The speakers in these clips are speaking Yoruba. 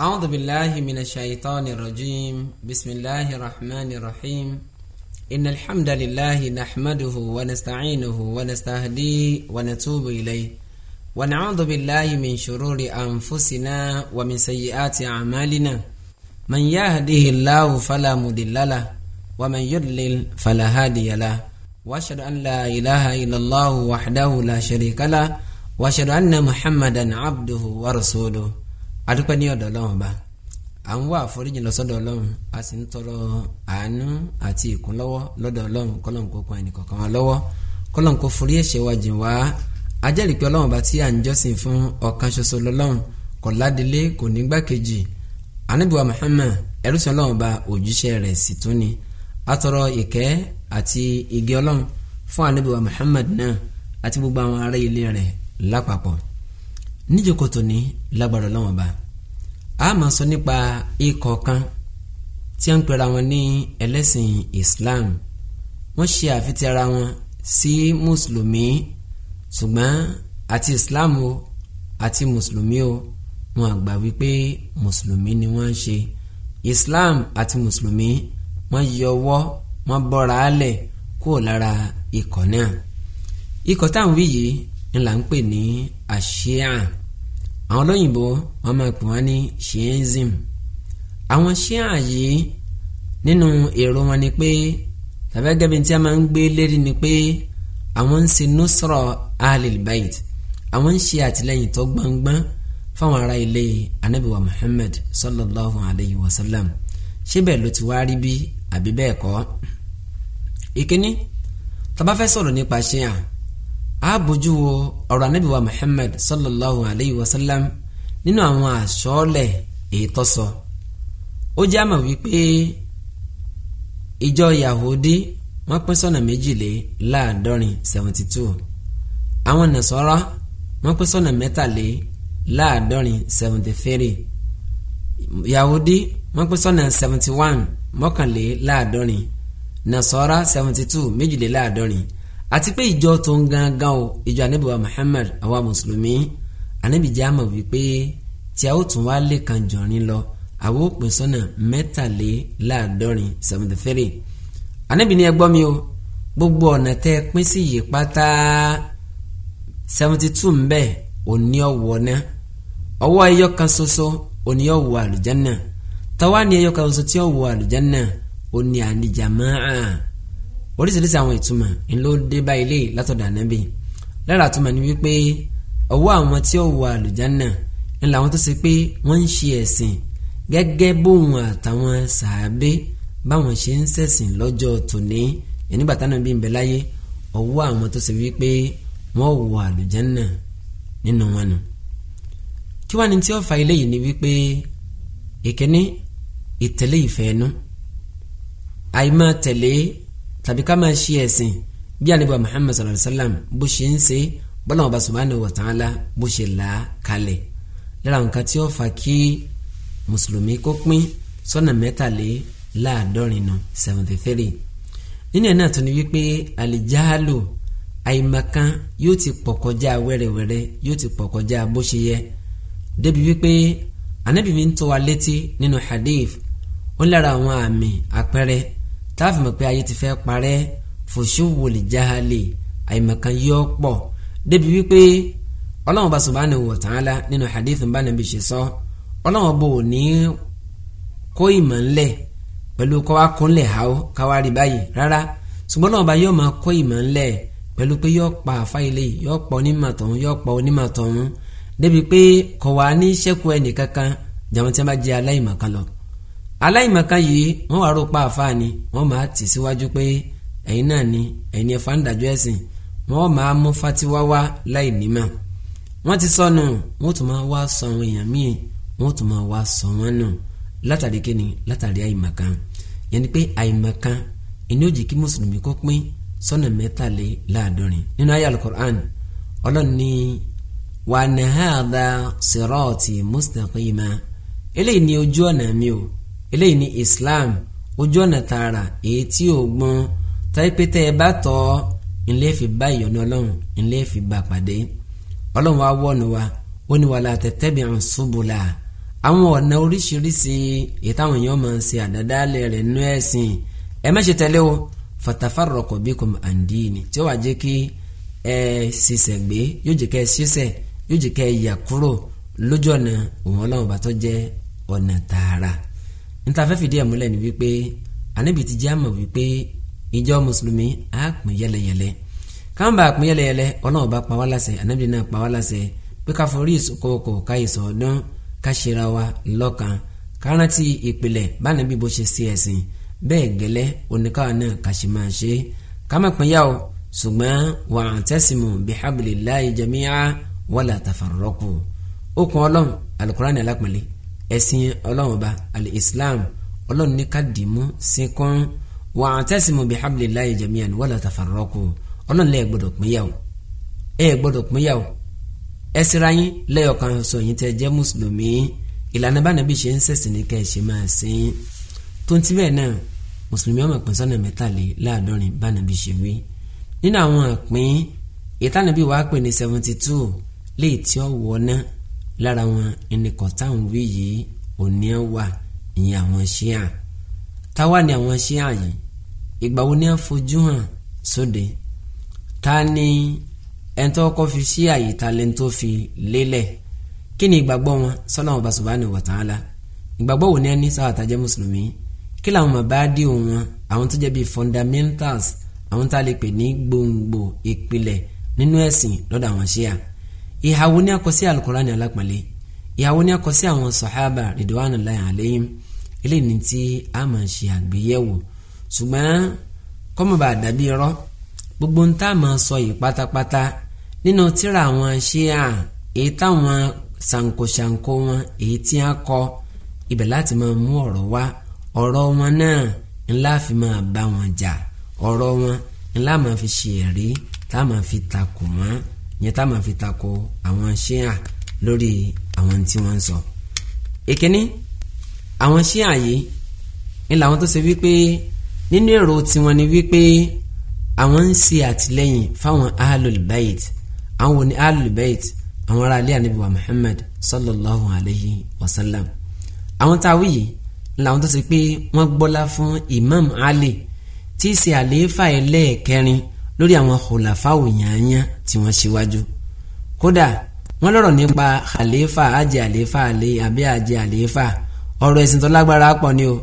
أعوذ بالله من الشيطان الرجيم بسم الله الرحمن الرحيم إن الحمد لله نحمده ونستعينه ونستهديه ونتوب إليه ونعوذ بالله من شرور أنفسنا ومن سيئات أعمالنا من يهده الله فلا مضل له ومن يضلل فلا هادي له وأشهد أن لا إله إلا الله وحده لا شريك له وأشهد أن محمدا عبده ورسوله adúpẹ́ ní ọ̀dọ̀ ọlọ́run ọba à ń wá àforíjì lọ sọ́dọ̀ ọlọ́run a sì ń tọrọ àánú àti ìkúnlọ́wọ́ lọ́dọ̀ ọlọ́run kọ́lọ́n kó kan ẹnì kọ̀ọ̀kan wa lọ́wọ́ kọ́lọ́n kó forí ẹ̀ṣẹ̀ wa jìn wá a jẹ́rìí pé ọlọ́run ọba tí à ń jọ́sìn fún ọ̀kan ṣoṣo lọ́lọ́run kò ládìlé kò ní gbákejì anábìwá Muhammad ẹrúsìn ọlọ́run ọba òjíṣẹ́ rẹ̀ sì tún ni a tọrọ ìkẹ́ Muhammad náà àti gbogbo àwọn ará ilé níjókòó tòní lágbára Ọlọ́run bá a máa sọ nípa ikọ̀ kan tí a ń pera wọn ní ẹlẹ́sìn Islam wọ́n ṣe àfitì ara wọn sí mùsùlùmí ṣùgbọ́n àti Islam o àti mùsùlùmí o wọn àgbà wípé mùsùlùmí ni wọ́n ń ṣe Islam àti mùsùlùmí wọ́n yọ ọwọ́ wọ́n bọ́ra álẹ̀ kúrò lára ikọ̀ náà ikọ̀ táwọn wí yìí ńlá ń pè ní àṣìá àwọn olóyìnbó wọn máa pè wọn ní shiism àwọn shia yìí nínú èrò wọn ni pé tàbí gẹ́gẹ́ bí tí a máa ń gbé lérí ni pé àwọn ń ṣe nusra ahlil àwọn ń ṣe àtìlẹ́yìn tó gbangban fáwọn ará ilé anabiwa Muhammad sallallahu alayhi wa sallam ṣé bẹ́ẹ̀ ló ti wá rí bí àbí bẹ́ẹ̀ kọ́ ìkíní tá fẹ́ sọ̀rọ̀ nípa shia àbójú wo ọ̀rọ̀ anábìwá Muhammad sallallahu alayhi wa sallam nínú àwọn àṣọọ́lẹ̀ ètò sọ ó jẹ́ àmọ̀ wípé ìjọ Yahudi wọ́n pín sọ́nà méjìlél láàdọ́rin seventy two àwọn Nasara wọ́n pín sọ́nà mẹ́tàlél láàdọ́rin seventy three Yahudi wọ́n pín sọ́nà seventy one mọ́kànlél láàdọ́rin Nasara seventy two méjìlél láàdọ́rin àti pé ìjọ tó ń gangan o ìjọ anabi wa Muhammad àwa mùsùlùmí anabi jẹ́ àmọ̀ wípé tí a ó tún wá lé kan jọ̀rin lọ àwọn òpin sọ́nà mẹ́tàléláàádọ́rin seventy three anabi ni ẹ gbọ́ mi o gbogbo ọ̀nà tẹ́ ẹ pín sí yìí pátá seventy two ń bẹ òní ọ̀wọ́ ná ọwọ́ ẹyọ kan ṣoṣo òní ọ̀wọ́ àlùjánà tọ́wá ni ẹyọ kan ṣoṣo tí ọ̀wọ́ àlùjánà òní àlìjàmáà oríṣiríṣi àwọn ìtumọ̀ ńlọ dé bá ilé látọ̀dọ̀ ànábì lára àtumọ̀ ni wípé ọwọ́ àwọn tí ó wọ àlùjánà ńlá àwọn tó ṣe pé wọ́n ń ṣe ẹ̀sìn gẹ́gẹ́ bóun àtàwọn sàábé báwọn ṣe ń ṣẹ̀sìn lọ́jọ́ tòní nígbà tí ànábì ń bẹ láyé ọwọ́ àwọn tó ṣe wípé wọ́n wọ àlùjánà nínú wọn nù kí wàá ní tí ó fa ilé yìí ni wípé ìkíní ìtẹ̀lé ìfẹ́ ẹnu àìmọ́ tẹ̀lé tàbí ká máa ṣe ẹ̀sìn bí ànábì Muhammad sallallahu alayhi wa sallam bó ṣe ń ṣe bọ́lá ọba subhanahu wa ta'ala bó ṣe là á kalẹ̀ lára nǹkan tí ó fa kí mùsùlùmí kó pín sọ́nà mẹ́tàléláàádọ́rin nù seventy three nínú ẹ̀ náà tún ni wípé àlìjáàlò àìmọ̀kan yóò ti pọ̀ kọjá wẹ́rẹ́wẹ́rẹ́ yóò ti pọ̀ kọjá bó ṣe yẹ débi wípé ànábì ń tó wa létí nínú hadith ó lára àwọn àmì àpẹẹrẹ táàfì mọ̀ pé ayé ti fẹ́ parẹ́ fòṣùwòlì jáhalè àìmọ̀kan yóò pọ̀ débi wípé ọlọ́run bá subhanahu wa ta'ala nínú hadith bá nàbí ṣe sọ ọlọ́run bò ní kó ìmọ̀ ńlẹ̀ pẹ̀lú kọ́ wa kún lẹ̀ ha ó káwa rí báyìí rárá ṣùgbọ́n náà bá yóò máa kó ìmọ̀ ńlẹ̀ pẹ̀lú pé yóò pa àfa ilé yóò pa onímọ̀ tọ̀hún yóò pa onímọ̀ tọ̀hún débi pé kọ̀ wá ní sẹ́kù ẹnì kankan jàmọ́ tí wọ́n bá jẹ́ aláìmọ̀ kan lọ aláìmọ̀kan yìí wọ́n wàá rúpa àfáà ni wọ́n máa tì síwájú pé ẹ̀yin náà ni ẹ̀yin ni ẹ̀fà ń dájọ́ ẹ̀sìn wọ́n máa mú fatiwa wá láì nímọ̀ wọ́n ti sọnù wọ́n tún máa wá sọ àwọn èèyàn míì wọ́n tún máa wá sọ wọ́n nù látàrí kíni látàrí àìmọ̀kan yẹn ni pé àìmọ̀kan ìní òjì kí mùsùlùmí kó pín sọ́nà mẹ́tàléláàádọ́rin nínú ayé alukur'an ọlọ́run ní wà ní hàdà sirọ́ọ̀tì mustaqima eléyìí ni ojú ọ̀nà mi o eléyìí ni Islam ojú ọ̀nà tààrà èyí tí ò gbọ́n táìpẹ́tẹ́ ẹ bá tọ́ ilé fi bá ìyọ̀nù ọlọ́run ilé fi bá pàdé ọlọ́run wa wọ́ọ̀nù wa ó ní wàhálà tẹ̀tẹ̀bì àwọn ṣubùlà àwọn ọ̀nà oríṣiríṣi èyí táwọn èèyàn máa ń ṣe àdádálẹ̀ rẹ̀ nú ẹ̀sìn ẹ má ṣe tẹ̀lé o fatafarọ̀kọ̀ bí kò máa ń dín ní tí ó wàá jẹ́ kí ẹ ṣiṣẹ́ gbé yóò jẹ́ kẹ́ ẹ ṣiṣẹ́ yóò jẹ́ kẹ́ ẹ yà kúrò lójú ọ̀nà òun ọlọ́run bá tó jẹ́ ọ̀nà tààrà níta fẹ́ fìdí ẹ̀ múlẹ̀ ni wípé ànábì ti jẹ́ àmọ̀ wípé ìjọ mùsùlùmí á pín yẹlẹyẹlẹ káwọn bá pín yẹlẹyẹlẹ ọlọ́run bá pa wá láṣẹ ànábì náà pa wá láṣẹ pé ká forí ìsokòkò ká ìsọ̀ ọ̀dán ká ṣera wa lọ́kan ká rántí ìpìlẹ̀ bánabi bó ṣe sí ẹ̀sìn bẹ́ẹ̀ gẹ́lẹ́ oníkàwọn náà ká ṣe máa ṣe ká pín yà o ṣùgbọ́n wà á tẹ́sìmù bihablillahi jami'a wala tafarraqu okùn ọlọ́run alukurani ẹ̀sìn ọlọ́run ọba al-Islam ọlọ́run ní ká dìímú sí kún wa atasimu bihablillahi jami'an wala tafarraqu ọlọ́run lẹ́ẹ̀ gbọ́dọ̀ pínyàwó ẹ̀ẹ́ gbọ́dọ̀ pínyàwó ẹ̀sìnra yín lẹ́yọ̀kan sọ yín tẹ́ jẹ́ mùsùlùmí ìlànà bá nàbí ṣe ń ṣẹ̀sìn ní kẹ́ẹ̀ ṣe máa sìn tó ń tibẹ̀ náà mùsùlùmí ọmọ ìpín sọ́nà mẹ́tàléláàádọ́rin bá nàbí ṣe wí nínú àwọn àpín ìtànàbí lára wọn ẹnìkọ̀ táwọn wí yìí òní ẹ̀ wà ìyẹn àwọn ṣíà táwa ni àwọn ṣíà yìí ìgbà wo ni a fojú hàn sóde ta ni ẹni tó kọ́ fi ṣíà yìí ta lẹ́ni tó fi lélẹ̀ kí ni ìgbàgbọ́ wọn sọ́nà ọba subhanahu wa ta'ala ìgbàgbọ́ wo ni a ní sáwà tá a jẹ́ mùsùlùmí kí làwọn bàbá dì wọn àwọn tó jẹ́ bíi fundamentals àwọn tá a lè pè ní gbòǹgbò ìpìlẹ̀ nínú ẹ̀sìn lọ́dọ̀ àwọn ṣíà ìhàwó ní akọsí alukurani alápọ̀nlé ìhàwó ní akọsí àwọn sọ̀hábà ridwanullahi alayhim eléyìí ní tí a máa ṣe àgbéyẹ̀wò ṣùgbọ́n kọ́mọba àdàbí irọ́ gbogbo ń tá a máa sọ yìí pátápátá nínú tíra àwọn ṣíà èyí táwọn ṣàǹkóṣàǹkó wọn èyí tí a kọ ibẹ̀ láti máa mú ọ̀rọ̀ wá ọ̀rọ̀ wọn náà ńlá fi máa bá wọn jà ọ̀rọ̀ wọn ńlá máa fi ṣe ẹ̀rí tá a máa fi takò wọn yẹn tá a máa fi takò àwọn ṣíà lórí àwọn tí wọ́n ń sọ. èkíní àwọn ṣíà yìí ni làwọn tó ṣe wípé nínú èrò tiwọn ni wípé àwọn ń ṣe àtìlẹ́yìn fáwọn ahlul àwọn wo ni ahlul àwọn ará ilé ànábì wa Muhammad sallallahu alayhi wa sallam àwọn táwí yìí ni làwọn tó ṣe pé wọ́n gbọ́lá fún Imam Ali tí í ṣe àlééfà ẹlẹ́ẹ̀kẹrin lórí àwọn khulafau yànyàn tí wọ́n ṣíwájú kódà wọ́n lọ́rọ̀ nípa àlééfà àjẹ àlééfà àlé àbí àjẹ àlééfà ọ̀rọ̀ ẹ̀sìn tó lágbára pọ̀ ni o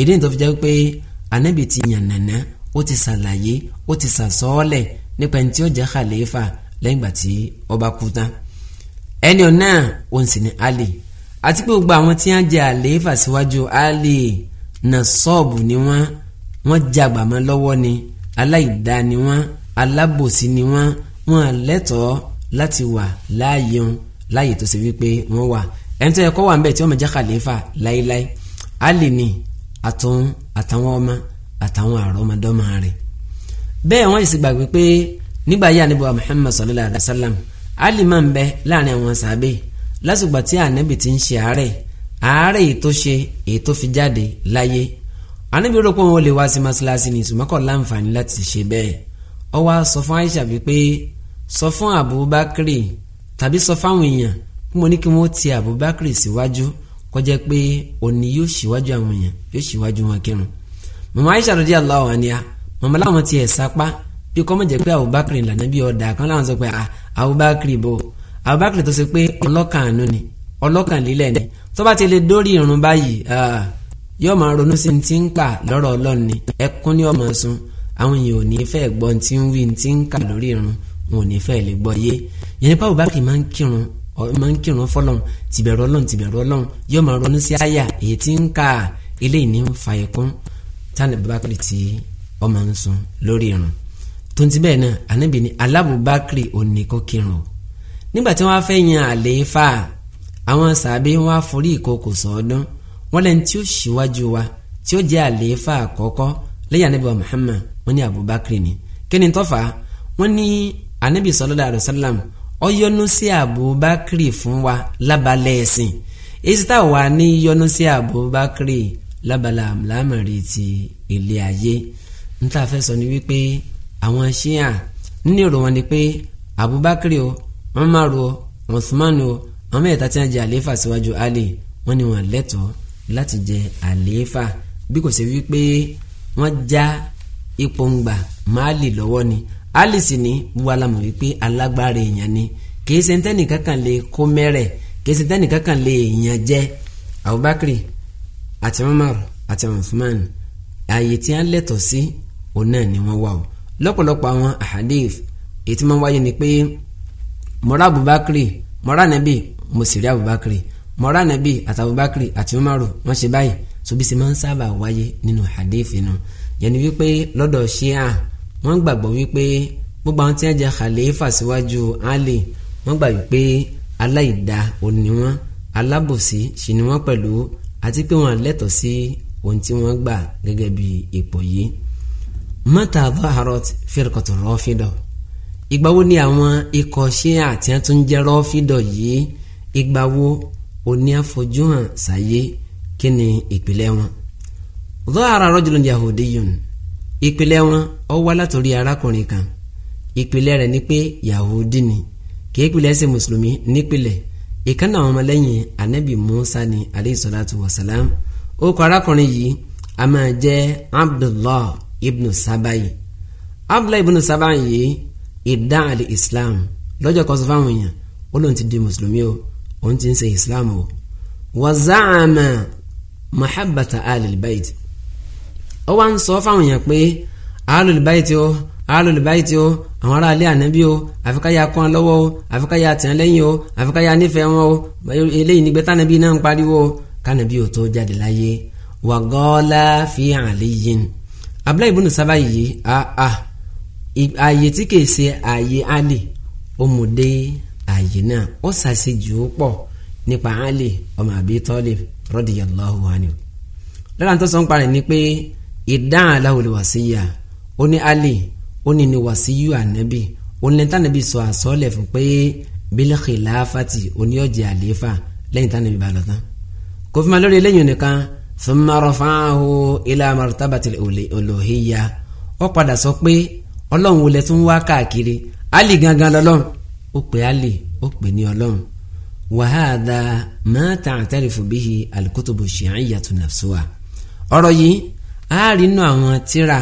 èdè tó fi jẹ́ pé ànábì ti yànnàná ó ti ṣàlàyé ó ti ṣàsọ́ọ́lẹ̀ nípa ẹni tí ó jẹ́ khalifa lẹ́yìn ìgbà tí ó bá kú tán ẹni ọ̀nà òun sì ni Ali àti pé gbogbo àwọn tí wọ́n jẹ́ àlééfà síwájú Ali náà sọ́ọ̀bù ni wọ́n wọ́n jagbàmọ́ lọ́wọ́ ni aláìdá ni wọ́n alábòsí ni wọ́n wọ́n lẹ́tọ̀ọ́ láti wà láàyè wọn láàyè tó ṣe wípé wọ́n wà ẹni tó yẹ kó wà ń bẹ̀ tí wọ́n máa jẹ́ khalifa láéláé Àlì ni àtún àtàwọn ọmọ àtàwọn àrọ́mọdọ́mọ rẹ̀ bẹ́ẹ̀ wọ́n sì gbàgbé pé nígbà yá níbo Muhammad sallallahu alayhi wa sallam Àlì máa ń bẹ láàrin àwọn sàbẹ̀ lásìgbà tí ànábì ti ń ṣe àárẹ̀ àárẹ̀ èyí tó ṣe èyí tó fi jáde láyé ànábì rò pé wọn ò lè wá sí masalasi ní ìsùnmọ́kọ̀ láǹfààní láti ṣe bẹ́ẹ̀ ó wá sọ fún Aisha wípé sọ fún Abubakar tàbí sọ fáwọn èèyàn pé mo ní kí wọ́n ti Abubakar síwájú kó jẹ́ pé òní yóò síwájú àwọn èèyàn yóò síwájú wọn kírun màmá Aisha radiyallahu anha màmá láwọn ti ẹ̀ sapá bí kọ́ mọ̀ jẹ́ pé Abubakar lànà bí ọ̀dà kan láwọn sọ pé ah, Abubakar bò Abubakar tó ṣe pé ọlọ́kàn àánú ni ọlọ́kàn lílẹ̀ ni tó bá ti lè dórí irun báyìí ah, yóò máa ronú sí ti ń pa lọ́rọ̀ Ọlọ́run ni ẹkún ni ó sun àwọn èèyàn ò ní fẹ́ gbọ́ tí ń wí tí ń kà lórí irun wọn ò ní fẹ́ lè gbọ́ yé yẹn nípa Abubakar máa ń kírun máa ń kírun fọlọ́n tìbẹ̀rù ọlọ́n tìbẹ̀rù ọlọ́n yóò máa ronú sí àyà èyí tí ń kà eléyìí ní ń fa ẹ̀kún tani Abubakar tí ọ máa ń sun lórí irun tonti bẹ́ẹ̀ náà Ànábì ní alábùbákiri òní kò kírun nígbà tí wọ́n á fẹ́ yan àlééfà àwọn sàbí wọn á forí ìkòkò sọ́ọ́dún wọ́n lẹ́ni tí ó ṣíwájú wa tí ó jẹ́ àlééfà àkọ́kọ́ lẹ́yìn Ànábì wa Muhammad wọ́n ní abubakar ni kíni tọ́fà wọ́n ní anabi sallallahu alayhi wa sallam ó yọ́nú sí abubakar fún wa lábalẹ̀ ẹ̀sìn èyí tá a wà ní yọ́nú sí abubakar lábala lámàrí ti ilé ayé níta fẹ́ sọ ni wípé àwọn ṣíà nínú ìrò wọn ni pé abubakar o umar o usman o àwọn mẹ́ta tí wọ́n jẹ́ àlééfà síwájú ali wọ́n ní wọ́n lẹ́tọ̀ọ́ láti jẹ́ àlééfà bí kò ṣe wípé wọ́n já ipò ń gbà máàlì lọ́wọ́ ni ali sì ní buwalamu wípé alágbára èèyàn ni kìí ṣe ntẹ́nì kankan lè kó mẹ́rẹ̀ kìí ṣe ntẹ́nì kankan lè èèyàn jẹ́ Abubakar àti Umar àti Uthman ààyè tí a lẹ́tọ̀ọ́ sí òun náà ni wọ́n wà o lọ́pọ̀lọpọ̀ àwọn ahadif èyí tí wáyé ni pé mọ́ra Abubakar mọ́ra nàbì mọ́sírí Abubakar mọ́ra nàbì àti Abubakar àti Umar wọ́n ṣe báyìí so bí ṣe máa ń sábà wáyé nínú ahadif náà. No yẹni wípé lọ́dọ̀ ṣíà wọ́n gbàgbọ́ wípé gbogbo àwọn tí wọ́n jẹ́ khalifa síwájú Ali wọ́n gbà wípé aláìda òní wọn alábòsí sì ni wọ́n pẹ̀lú àti pé wọ́n lẹ́tọ̀ọ́ sí ohun tí wọ́n gbà gẹ́gẹ́ bí ipò yìí. mata zaharat firqatu rọ́fídọ̀ ìgbà wo ni àwọn ikọ̀ ṣíà tí wọ́n tún jẹ́ rọ́fídọ̀ yìí ìgbà wo òní àfojúhàn sáyé kí ni ìpìlẹ̀ wọn dhahara rajulun yahudiyun ìpìlẹ̀ wọn ó wá látòrí arákùnrin kan ìpìlẹ̀ rẹ̀ ni pé yahudi ni kìí pìlẹ̀ ṣe mùsùlùmí nípìlẹ̀ ìkànnà àwọn ọmọlẹ́yìn anabi musa ni aleyhi salatu wa salam ó kọ arákùnrin yìí a máa jẹ́ abdullah ibnu sabayi abdullah ibnu sabayi yìí ìdá àlè islam lọ́jọ́ kan fáwọn èèyàn ó lóun ti di mùsùlùmí o òun ti ń ṣe islam o wàzáàmà mahabbata alilbayt ó wá ń sọ fáwọn èèyàn pé alul bayti o alul bayti o àwọn ará ilé ànábì o àfikáyà kún ọ lọ́wọ́ o àfikáyà tẹ̀ lẹ́yìn o àfikáyà nífẹ̀ẹ́ wọn o eléyìí nígbẹ́ tànàbí náà ń pariwo kànàbí ò tó jáde láyé wà gọ́ọ́lá fi hàn léyìn abúlé ibùdó sábà yìí ààyè tí kìí ṣe ààyè alì ọmọdé ààyè náà ó ṣàṣejù ó pọ̀ nípa alì ọmọ àbí tọ́lẹ̀ radiyallahu anhu lọ́la tó sọ ń parẹ́ ni pé ìdáhùn aláwòlè wàsíyà ó ní ali ó ní ní wàsíyù ànábì ó ní tànàbí sọ àsọ́ọ̀lẹ̀ fún pé bílẹ̀kì láfàtì oníyọ̀jẹ̀ àlééfà lẹ́yìn tànàbí bá lọ tán kò fi máa lórí eléyìí nìkan thumma rafa'ahu ila martabatil uluhiyya ó padà sọ pé ọlọ́run wo lẹ tún wá káàkiri ali gangan lọ́lọ́run ó pè ali ó pè ní ọlọ́run wàhádà má ta'tarifu bihi al-kutubu shi'iyyatu a rí inú àwọn tíra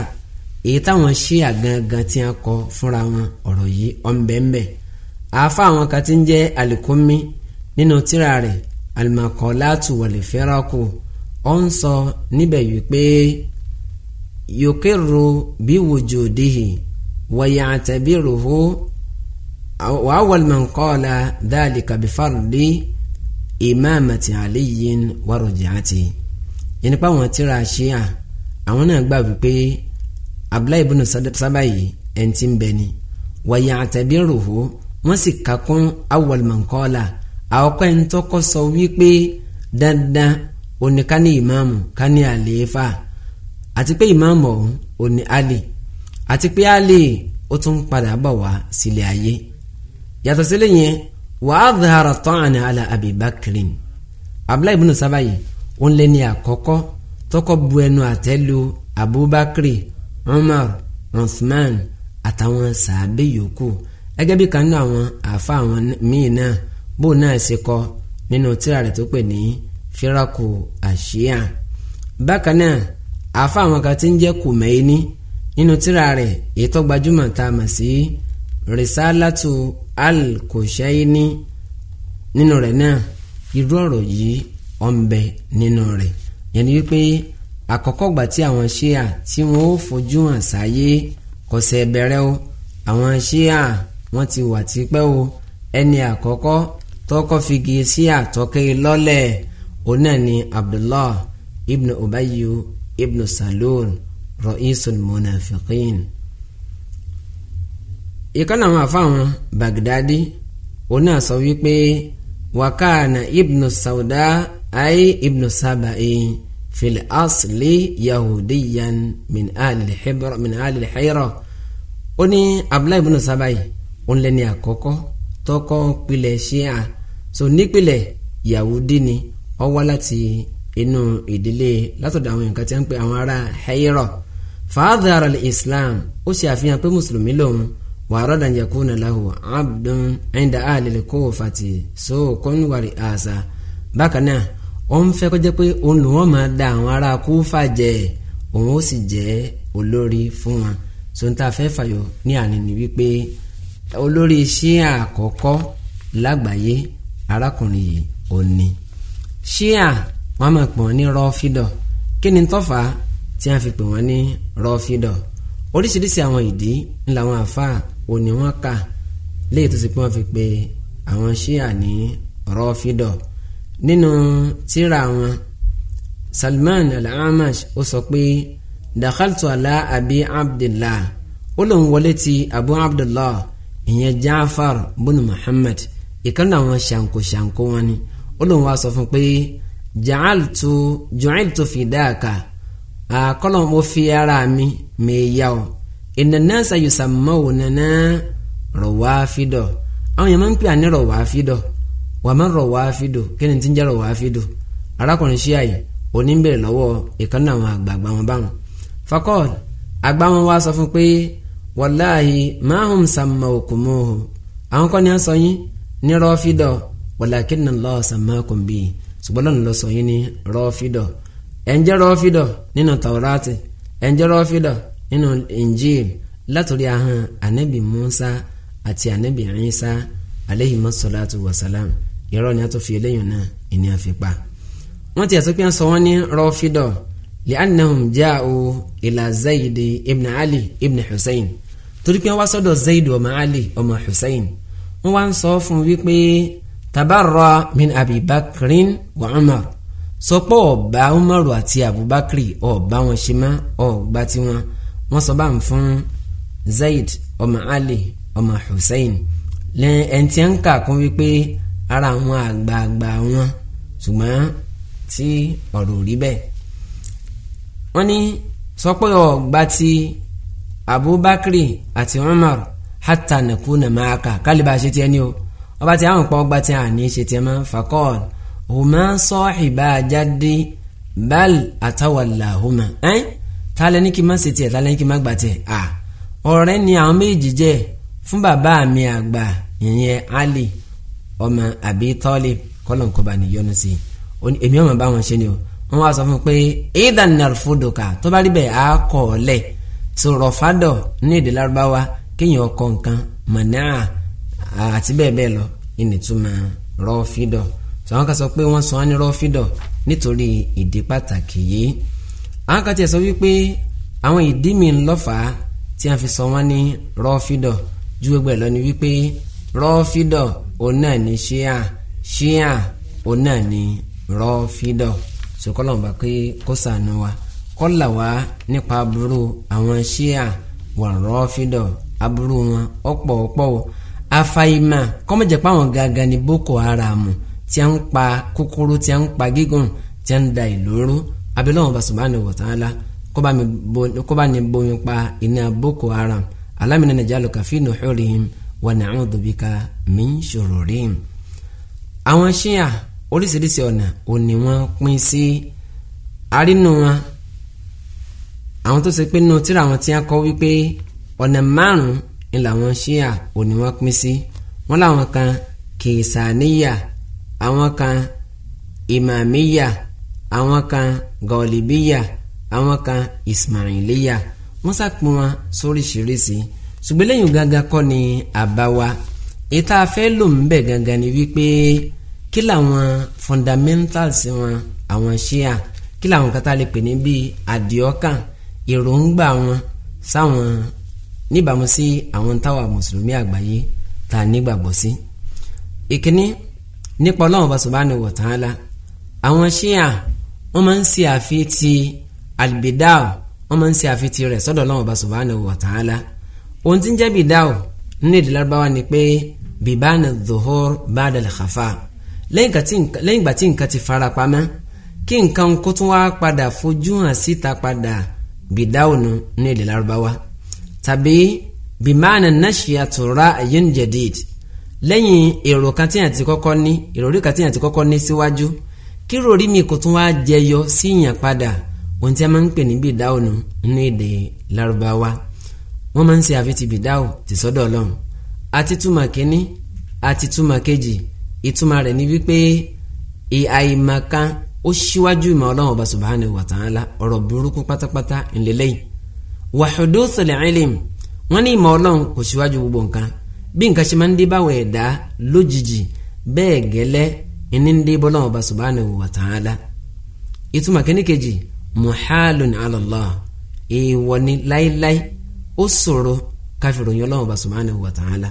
èyí táwọn ṣíà gangan tí a kọ fúnra wọn ọ̀rọ̀ yìí ọ̀nbẹ̀ǹbẹ̀ àáfà àwọn kan ti ń jẹ́ alikumi nínú tíra rẹ̀ alimakọ́látù wàlẹ̀ fẹ́ràkù ó ń sọ níbẹ̀ wípé yòókèrò bí wòjòdìhì wọ̀yà àtẹ̀bíròhó wàá wọlmọ̀nkọ́ọ̀lá dáàlì kàbífàrúdì ìmáàmàtì àlẹ́yìn wàrọ̀jà àti yẹn nípa tíra ṣíà àwọn náà gbà wípé abdullahi ibn saba yìí ẹni tí ń bẹ ni wàyà àtẹ̀bíròhó wọ́n sì kà kún awwal man qala àwọ̀kọ́ ẹni tó kọ́ sọ wípé dandan òní ká ní ìmáàmù ká ní àlééfà àti pé ìmáàmù ọ̀hún òní àlè àti pé àlè ó tún padà bọ̀ wá sílé ayé yàtọ̀ sílé yẹn wa adhara ta'ana ala Abi Bakrin abdullahi ibn sábà yìí òun lé ní àkọ́kọ́ tọkọ bu ẹnu àtẹ́lu Abubakar Umar Uthman àtàwọn sàábé yòókù gẹ́gẹ́ bí kan nínú àwọn àfa àwọn míì náà bó náà ṣe kọ nínú tírà rẹ̀ tó pè ní firaku àṣìyà bákan náà àfa àwọn kan ti ń jẹ́ Kumaini nínú tírà rẹ̀ èyí tó gbajúmọ̀ tá a mọ̀ sí risalatu al-Kushaini nínú rẹ̀ náà irú ọ̀rọ̀ yìí ó ń bẹ nínú rẹ̀ yẹn ni wípé àkọ́kọ́ gbà tí àwọn ṣíà tí wọ́n ó fojú hàn sáyé kọ̀sẹ̀ bẹ̀rẹ̀ o àwọn ṣíà wọ́n ti wà tipẹ́ o ẹni àkọ́kọ́ tọkọ figi ṣíà tọkẹ́ lọ́lẹ̀ òun náà ni Abdullah ibn Ubayyu ibn Saloon ra'isul munafiqin ìkan àwọn àfáwọn Baghdadi òun náà sọ wípé wakana ibn Sauda ayé ibnu sábàáyé fil asli yahudiyan min alil xeyro ó ní abdullahi ibnu sábàáyé òun lẹni àkọ́kọ́ tọkọ pilẹ̀ ṣíà so nípìlẹ̀ yahudi ni ó wá láti inú ìdílé látọ̀dọ̀ àwọn nǹkan tí wọ́n ń pè àwọn ará xeyro fàádàrà islam ó ṣe àfihàn pé mùsùlùmí lòun wàárọ̀ dànjẹ̀kú nà abdun ẹ̀ńdà àlèlè kó fàtì sóòkó ń wàrí òun fẹ́ kó pé òun ló wọ́n máa da àwọn ará kúfà jẹ òun ó sì jẹ́ olórí fún wọn sóńtà fẹ́ fàyọ ní àná ni wípé olórí ṣíà àkọ́kọ́ lágbàáyé arákùnrin yìí ò ní ṣíà wọn máa pọ̀ ní rọ́fídọ̀ kí ni tọ́fà tí a fi pè wọ́n ní rọ́fídọ̀ oríṣiríṣi àwọn ìdí ńlá àwọn àfáà òní wọn kà léyìí tó sì pé wọ́n fi pè àwọn ṣíà ní rọ́fídọ̀ nínú tírà wọn Salman al-Amash ó sọ pé dakhaltu ala abi abdullah ó lòun wọlé ti abu abdullah ìyẹn jaafar bunu muhammad ìkànnì àwọn ṣàǹkó ṣàǹkó wọn ni ó lòun wá sọ fún pé ja'altu ju'iltu fidaka àkọlọ̀ mo fi ara mi mèèyà o ìnana sayusammawunana rọwáfídọ̀ àwọn yẹn máa ń pè àní rọwáfídọ̀ wàmán rọ̀ wá fídò kí ni ti ń jẹ́ rọ̀ wá fídò arákùnrin ṣíà yìí òní ń bèrè lọ́wọ́ ìkànnì àwọn àgbààgbà wọn báwọn. fakọ́ọ̀d àgbà wọn wá sọ fún pé wàláhì máhùn sàmà òkú mọ́ o àwọn kọ́ni á sọ yín ní rọ́fídọ̀ wàlákì nà lọ́ọ́ sàmà kò bí i ṣùgbọ́n lọ́nà lọ sọ yín ní rọ́fídọ̀ ẹ̀ ń jẹ́ rọ́fídọ̀ nínú tàwọ́rátì ẹ̀ ń jẹ́ rọ́fídọ̀ nínú injil látòrí ahọ́n anabi musa àti anabi isa aleyhi masalatu wa irọ́ ni a tó fi eléyìn náà ìní àfipá wọ́n ti àtúnpẹ́ sọ wọ́n ní rọ́fídọ̀ li'annahum ja'u ila Zayd ibn Ali ibn Hussein torí pé wọ́n wá sọ́dọ̀ Zayd ọmọ Ali ọmọ Hussein wọ́n wá ń sọ fún wípé tabarra min Abi Bakrin wa Umar sọ pé ọba Umaru àti Abubakri ọba wọn ṣe má ọgbà tiwọn wọ́n sọ bá ń fún Zayd ọmọ Ali ọmọ Hussein lẹ́yìn ẹ̀ńtí ẹ̀ ń kà kún wípé ara àwọn àgbààgbà wọn ṣùgbọ́n tí ọ̀rọ̀ rí bẹ́ẹ̀ wọ́n ní sọ pé ọ̀gbà ti Abubakar àti Umar hatta nakuna ma'aka kálíbà ṣe tiẹ̀ ní o ọba tí àwọn kan ọgbà tí a ní ṣe tiẹ̀ máa fakọ́ọ̀l huma sahiba jaddi bal àtàwàlà huma ẹ́ tálẹ̀ ní kí n má ṣe tiẹ̀ tálẹ̀ ní kí n má gbà tiẹ̀ ọ̀rẹ́ ni àwọn méjì jẹ́ fún bàbá mi àgbà ìyẹn Ali ọmọ àbí tọ́lẹ̀ kọ́lọ̀ nǹkan bá níyọnu sí i èmi ọmọ bá wọn ṣe ni o wọn wá sọ fún un pé idan narfodoka tó bá rí bẹ́ẹ̀ á kọ́ ọ lẹ̀ sọ̀rọ̀fádọ̀ ní èdè lárúbáwá kéèyàn ọkọ̀ nǹkan mọ̀nẹ́à àti bẹ́ẹ̀ bẹ́ẹ̀ lọ ìnìtumọ̀ rọ́fídọ̀ sọ wọn kà sọ pé wọ́n sọ wọn ní rọ́fídọ̀ nítorí ìdí pàtàkì yìí àwọn kan tiẹ̀ sọ wípé àwọn ìdí mi ń lọ́fà tí a fi sọ wọn ní rọ́fídọ̀ ju gbogbo ni wípé rọ́fídọ̀ òun náà ní ṣíà ṣíà òun náà ní rọ́fídọ̀ sọkọ́lọ̀ bá pé kó sànù wa kọ́là wá nípa aburú àwọn ṣíà wà rọ́fídọ̀ aburú wọn ọ̀pọ̀ o afaima kọ́mọ̀jẹ̀ pa àwọn gangan ní Boko Haram tí a ń pa kúkúrú tí a ń pa gígùn tí a ń da ìlóró abilọ́wọ̀n bá subhanahu wa ta'ala kó bá ní bomi pa iná Boko Haram alámìnira nàìjíríà lọ́kàfínà ọ̀hún wa na'udhu bika min shururihim. àwọn ṣíà oríṣiríṣi ọ̀nà òní wọ́n pín sí arínú wọn àwọn tó ṣe pé nínú tíra àwọn tí wọ́n kọ wípé ọ̀nà márùn-ún ni làwọn ṣíà òní wọ́n pín sí wọ́n làwọn kan kìsàníyà àwọn kan ìmàmíyà àwọn kan gọ̀ọ̀lìbíyà àwọn kan ìsmaìlíyà wọ́n sàpín wọn sóríṣiríṣi. So ṣùgbọ́n lẹ́yìn gangan kọ́ ni àbá ìta afẹ́ lò ń bẹ̀ gangan ni wípé kí làwọn fundamentals wọn àwọn ṣíà kí làwọn kan a lè pè ní bíi àdìọ́kàn èròǹgbà wọn sáwọn níbàámu sí àwọn táwa mùsùlùmí àgbáyé tá a nígbàgbọ́ sí. ìkíní nípa ọlọ́run bá subhanahu wa ta'ala àwọn ṣíà wọ́n máa ń ṣe àfi ti albidaw wọ́n máa ń ṣe àfi ti rẹ̀ sọ́dọ̀ ọlọ́run bá subhanahu wa ta'ala ohun tí ń jẹ́ bìdáù nínú èdè lárúbáwá ni pé bìbáàna dhuhur ba'dal khafa lẹ́yìn ìgbà tí nǹkan ti fara pamọ́ kí nǹkan kó tún wá padà fojú hàn síta padà bìdáù nù nínú èdè lárúbáwá tàbí bìmáàna nashiatu ra'yin jadid lẹ́yìn èrò kan tí yàn ti kọ́kọ́ ní ìròrí kan tí yàn ti kọ́kọ́ ní síwájú kí ròrí mi kò tún wá jẹyọ sí ìyàn padà ohun tí a máa ń pè ní bìdáù nù nínú èdè lárúbáwá wọ́n máa ń ṣe àfitìbìdáwò ti sọ́dọ̀ ọlọ́run àti túmọ̀ kínní àti túmọ̀ kejì ìtumọ̀ rẹ̀ ni wípé àìmọ̀kan ó ṣíwájú ìmọ̀ ọlọ́run ọba subhanahu wa ta'ala ọ̀rọ̀ burúkú pátápátá ńlẹ́lẹ́yìn wa huduthul ilm wọ́n ní ìmọ̀ ọlọ́run kò ṣíwájú gbogbo nǹkan bí nǹkan ṣe máa ń dé báwọ̀ ẹ̀dá lójijì bẹ́ẹ̀ gẹ́lẹ́ ìní ń dé bọ́lọ́run ọba subhanahu wa ta'ala ìtumọ̀ kínní kejì muhalun ala Allah èèwọ̀ ni láíláí ó ṣòro ká fi ròyìn ọlọ́run bá subhanahu wa ta'ala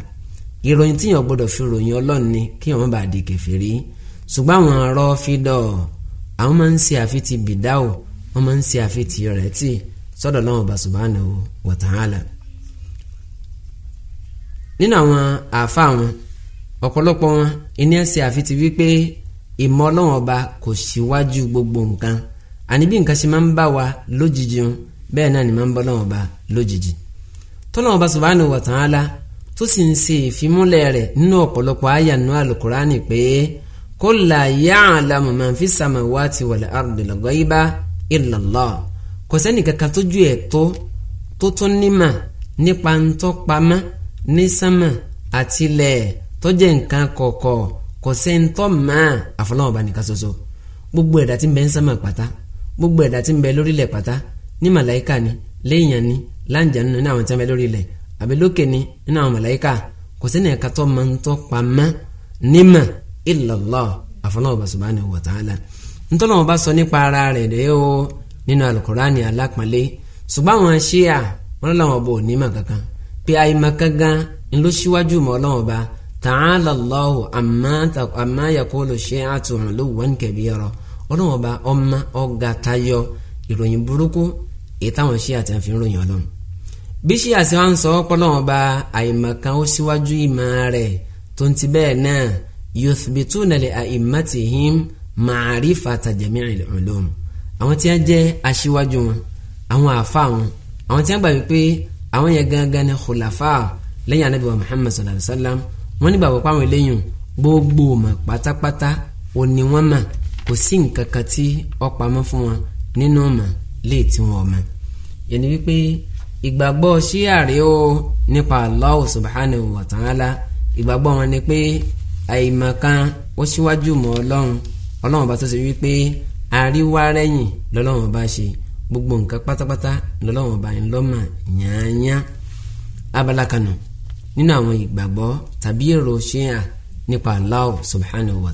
ìròyìn tíyàn gbọ́dọ̀ fi ròyìn ọlọ́run ni kí wọ́n bá di kèfèrí ṣùgbọ́n àwọn arọ́ fídọ̀ àwọn máa ń ṣe àfitì bìdáwò wọ́n máa ń ṣe àfitì rẹ̀ tì sọ́dọ̀ ọlọ́run bá subhanahu wa ta'ala nínú àwọn àáfàá wọn ọ̀pọ̀lọpọ̀ wọn ìní ẹ̀sẹ̀ àfi wípé ìmọ̀ ọlọ́run ọba kò wa lójijì bẹ́ẹ̀ náà ni máa tọ́lọ́wọ́n bá subhanahu wa ta'ala tó sì ń ṣe ìfimúlẹ̀ rẹ̀ nínú ọ̀pọ̀lọpọ̀ àyà nínú alukurani pé kul la ya'lamu man fi samawati wal ardi al-ghayba illa Allah kò sẹ́ni kankan tójú ẹ̀ tó tó tó nímà nípa ntọ́pamọ́ ní sánmà àtilẹ̀ tó jẹ́ nǹkan kọ̀ọ̀kọ̀ kò sẹ́ni tó máa àfọlọ́wọ́n bá nìkan ṣoṣo gbogbo ẹ̀dá tí ń bẹ ń sánmà pátá gbogbo ẹ̀dá tí ń bẹ lórílẹ̀ pátá ní màláìka ni léèyàn ni láǹjẹ̀nu nínú àwọn tí wọ́n bẹ lórí ilẹ̀ àbí lókè ni nínú àwọn màláíkà kò sí nìkan tó máa ń tọ́ pamọ́ nímọ̀ illallah àfọlọ́wọ́ subhanahu wa ta'ala ntọ́nà wọn bá sọ nípa ara rẹ̀ rẹ̀ o nínú alukurani alápọ̀nlé ṣùgbọ́n àwọn ṣíà wọn lọ́wọ́ bò nímọ̀ kankan pé àyìnbá kankan ńlọ síwájú mọ́ ọlọ́wọ́ bá ta'ala amma yaqulu shi'atu 'uluwan èyí táwọn ṣíà ti fi ń ròyìn ọlọ́run bí ṣíà sì wá ń sọ ọpọlọ ọba àìmọ̀kan ó síwájú ìmọ̀ rẹ̀ tó ń ti bẹ́ẹ̀ náà yuthbituna li a'immatihim ma'rifata jami'il ulum àwọn tí wọ́n jẹ́ aṣíwájú wọn àwọn àfa wọn àwọn tí wọ́n gbà wípé àwọn yẹn gangan ni khulafa lẹ́yìn anabi wa muhammad sallallahu alayhi wa sallam wọ́n ní bàbá pàwọn eléyìn gbogbo ọmọ pátápátá òní wọ́n mà kò sí nǹkan kan tí ó pamọ́ fún wọn nínú ọmọ léè wọn ọmọ yẹni wípé ìgbàgbọ́ ṣíàrí o nípa Allah subhanahu wa ìgbàgbọ́ wọn ni pé àìmọ̀kan ó ṣíwájú mọ́ ọlọ́run ọlọ́run bá tó ṣe wípé àríwárẹ́yìn lọ́lọ́run bá ṣe gbogbo nǹkan pátápátá lọ́lọ́run bá ń lọ́mà yányá abala kanu nínú àwọn ìgbàgbọ́ tàbí èrò ṣíà nípa Allah subhanahu wa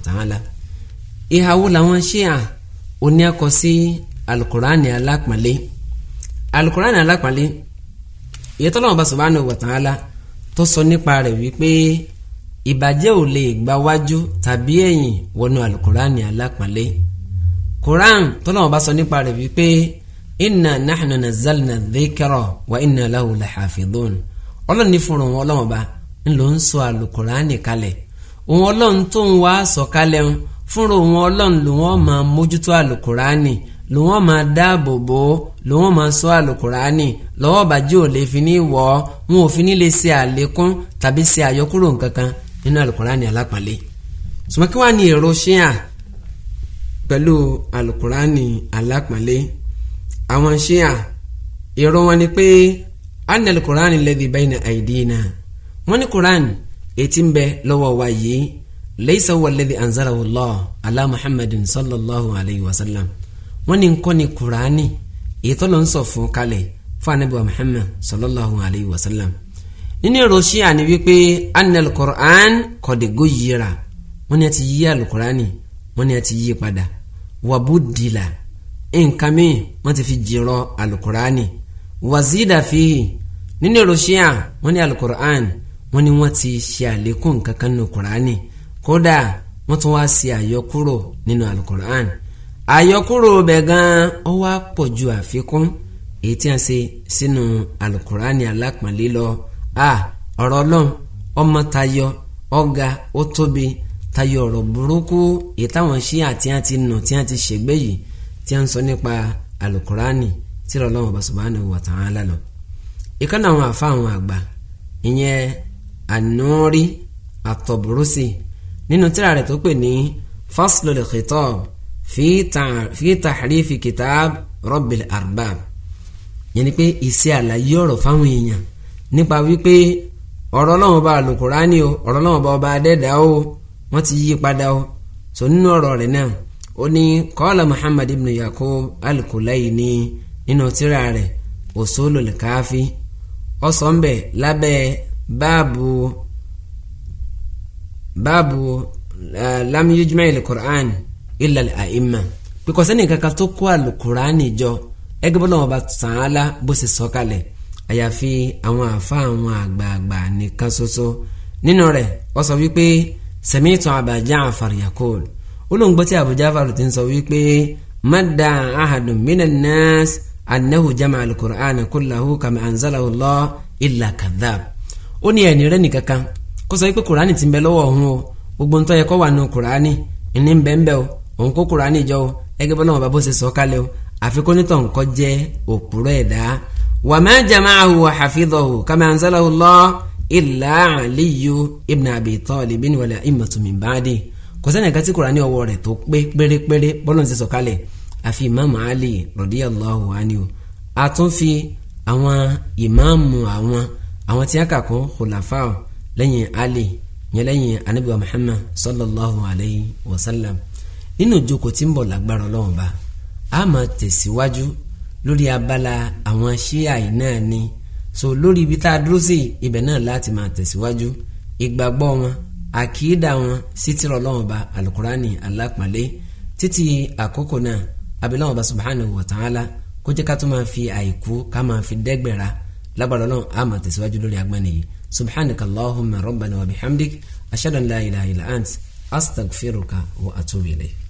ìhàwó làwọn ṣíà oníyàkọ sí alukurani alápàlẹ́ alukurani alápàlẹ ìyẹn tó lọ́wọ́ bá subhanahu wa ala tó sọ nípa rẹ̀ wípé ìbàjẹ́ ò lè gba wájú tàbí ẹ̀yìn wọnú alukurani alápàlẹ quran bá sọ nípa rẹ̀ wípé inna nahnu nazzalna dhikra wa inna lahu lahafidhun ọlọ́ni fúnra fụrụ ọlọ́wọ́ bá sọ alukurani kalẹ̀ òun tó ń wá ló wọ́n máa mójútó alukurani lòun ọmọ dáàbò bò lòun ọmọ sọ àlùkùránì lọ́wọ́ bàjẹ́ ò lè fi ní wọ̀ ọ́ wọn ò fi ní lè ṣe àlékún tàbí ṣe àyọkúrò nkankan nínú àlùkùránì alápàlẹ́ sùmọ́kí wàá ní èrò ṣíà pẹ̀lú àlùkùránì alápàlẹ́ àwọn ṣíà èrò wọn ni pé anil kuran lẹ́dí bẹ́ẹ̀ni àìdíyìnà wọ́n ní kuran etí ń bẹ lọ́wọ́ wa yìí lẹ́yìn sọ́wọ́ lẹ́dí anzara wọlọ́ alá muhammadin sallallahu alayhi wa sallam wọ́n ní nkọ́ ni kuraani èyí tó lọ ń sọ fún kalẹ̀ fún anabi wa muhammad sallallahu alayhi wa sallam nínú èrò ṣíà ni wípé anel kur'an kọ̀dégó yíra wọ́n ní a ti yí alukuraani wọ́n ní a ti yí padà wàbúdìlà nǹkan mi wọ́n ti fi jìrọ alukuraani wàzídàfi nínú èrò ṣíà wọ́n ní alukuraani wọ́n ní wọ́n ti ṣe àlékún kankan nínú kuraani kódà wọ́n tún wá ṣe àyọkúrò nínú alukur'an àyọkúrò bẹ̀ gan ó wá pọ̀ ju àfikún èyí tí a ṣe sínú alukurani alápọ̀nlé lọ a ọ̀rọ̀ ọlọ́run ọmọ tayọ ọ̀gá ó tóbi tayọ ọ̀rọ̀ burúkú èyí táwọn ṣí àti àti nà tí a ti ṣègbè yìí tí a ń sọ nípa alukurani tí ọlọ́run bá subhanahu wa ta'ala lọ. ìkànnì àwọn àfa àwọn àgbà ìyẹn ànúrí àtọ̀bùrúsì nínú tírà rẹ̀ tó pè ní faslul fi tahrifi kitab rabbil arbab yẹn ni pé ìṣe àlàyé ọ̀rọ̀ fáwọn èèyàn nípa wípé ọ̀rọ̀ Ọlọ́run bá alukurani o ọ̀rọ̀ Ọlọ́run bá ọba adẹ́dá o wọ́n ti yí padà o sọ nínú ọ̀rọ̀ rẹ̀ náà ó ní kọ́ọ̀lá Muhammad ibn Yaqub al-Kulayni nínú tírà rẹ̀ Usulul Kafi ọ̀sánbẹ̀ lábẹ́ báàbù báàbù eh, lam yujma'il Qur'an illa al-a'imma pé kò sẹ́ni kankan tó kó àlùkùránì jọ ẹgbẹ́ bọ́lá wọn bá tàn án lá bó ṣe sọ kalẹ̀ àyàfi àwọn àfa àwọn àgbààgbà nìkan ṣoṣo nínú rẹ̀ ó sọ wípé sami'tu Aba Ja'far yaqul olóńgbò tí Abu Ja'far ti ń sọ wípé madda ahadun minan nas annahu jama'a al-Qur'ana kullahu anzalahu Allah illa kadhab ó ní ẹni rẹ̀ nìkankan kó sọ wípé kùránì ti ń bẹ lọ́wọ́ òun o gbogbo ntọ́ yẹ kó wà nù kùránì ìní ń bẹ́ẹ̀ bẹ́ẹ̀ o òun kó Kùránì jọ o ẹgbẹ́ bọ́lá wọn bá bó ṣe sọ kalẹ̀ o àfikún nítọ̀ nǹkan jẹ́ òpùrọ̀ ẹ̀dá wa jama'ahu wa hafidhahu kama anzalahu Allah illa Aliyu ibn Abi Talib wal a'immatu min ba'di kò sẹ́ni kan tí Kùránì ọwọ́ rẹ̀ tó pé pérépéré bọ́lá ṣe sọ kalẹ̀ àfi Imam Ali radiyallahu anhu a tún fi àwọn ìmáàmù àwọn àwọn tí a kà kún Ali yẹn lẹ́yìn Muhammad sallallahu alayhi wa nínú ìjókòó tí ń bọ̀ lágbára ọlọ́run bá a máa tẹ̀síwájú lórí abala àwọn ṣíà yìí náà ni so lórí ibi tá a dúró sí ibẹ̀ náà láti máa tẹ̀síwájú ìgbàgbọ́ wọn àkìídà wọn sítìrọ̀ ọlọ́run bá alukurani alápàlẹ́ títí àkókò náà abilọ́wọ́n bá subhanahu wa ta'ala kó jẹ́ ká tó máa fi àìkú ká máa fi dẹ́gbẹ̀ra lágbára ọlọ́run a máa tẹ̀síwájú lórí agbani yìí subhanaka allahumma rabbana wa bihamdik ashhadu la ilaha illa ant astaghfiruka wa atubu ilayk.